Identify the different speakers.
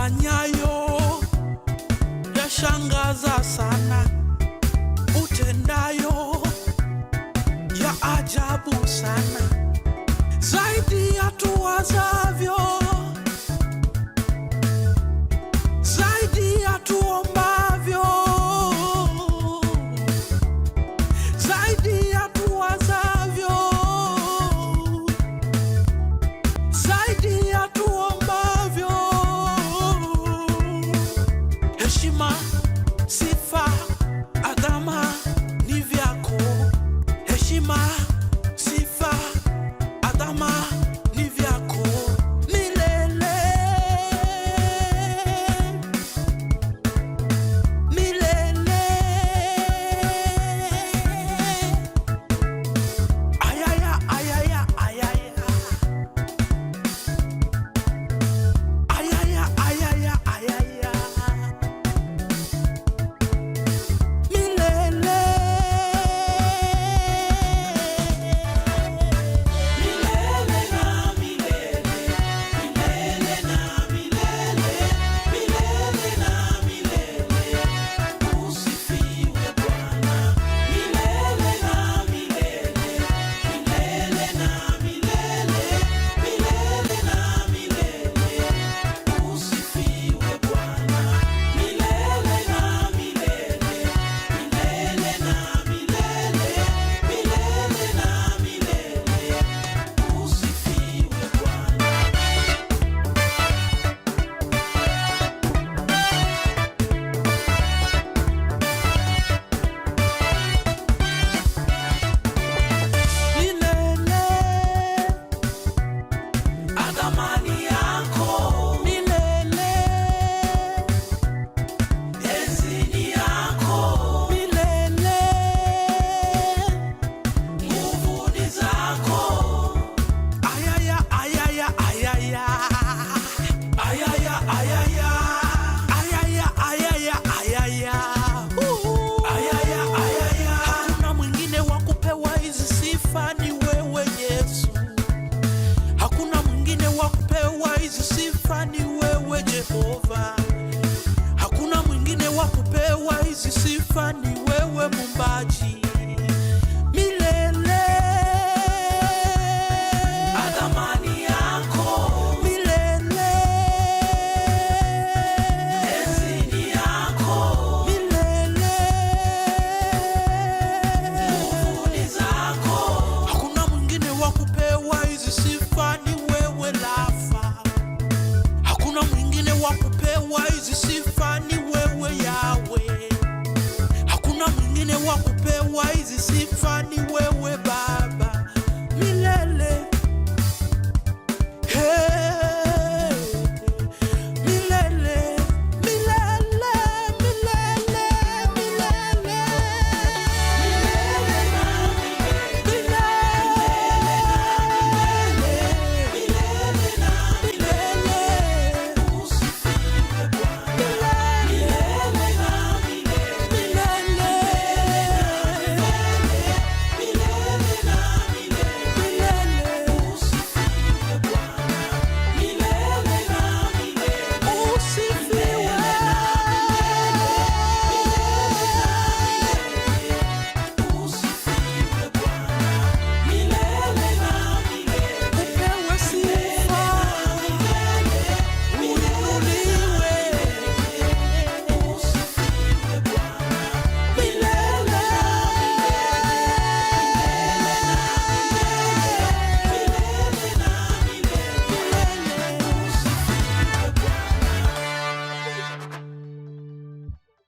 Speaker 1: ufanyayo yashangaza sana, utendayo ya ajabu sana, zaidi ya tuwazavyo.